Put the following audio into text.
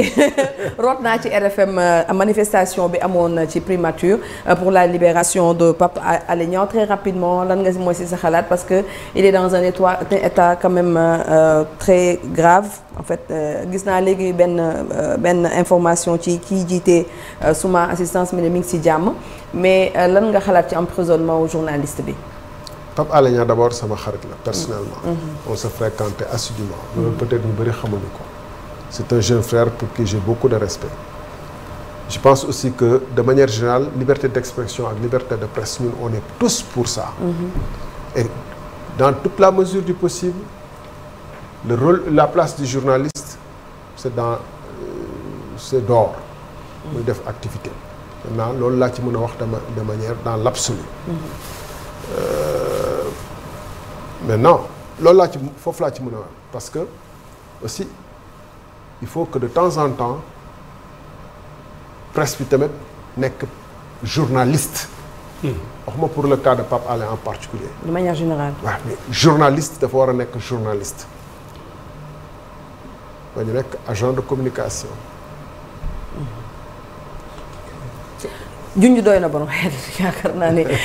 root naa ci RFM euh, manifestation bi amoon ci primature euh, pour la libération de Pape Alé Niang très rapidement lan nga mooy si sa xalaat parce que il est dans un état état quand même euh, très grave en fait gis naa léegi benn benn information ci kii jiite suma assistance mi ne mi ngi si jàmm mais lan nga xalaat ci emprisonnement journaliste bi. Pape Alé Niang d'abord sama xarit la personnellement. Mm-hmm. Mm-hmm. on se fréquentait assidûment. loolu mm-hmm. peut-être ñu bëri xamuñu ko. C'est un jeune frère pour qui j'ai beaucoup de respect. Je pense aussi que, de manière générale, liberté d'expression et liberté de presse, nous, on est tous pour ça. Mm-hmm. dans toute la mesure du possible, le la place du journaliste, c'est dans euh, c'est d'or. muy def activité. maintenant loolu laa ci mun a wax de manière dans l'absolu. Mm-hmm. Euh, maintenant loolu laa ci foofu laa ci mun a wax parce que aussi. il faut que de temps en temps presse bi tamit nekk journaliste. Hmm. waxuma pour le cas de Pape Alé en particulier de manière générale. journaliste dafa war a nekk journaliste. ba ñu nekk agent de communication. junj doy na bon yaakaar naa ne.